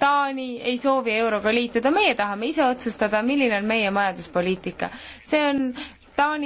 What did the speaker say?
Taani ei soovi euroga liituda, meie tahame ise otsustada, milline on meie majanduspoliitika. see on Taani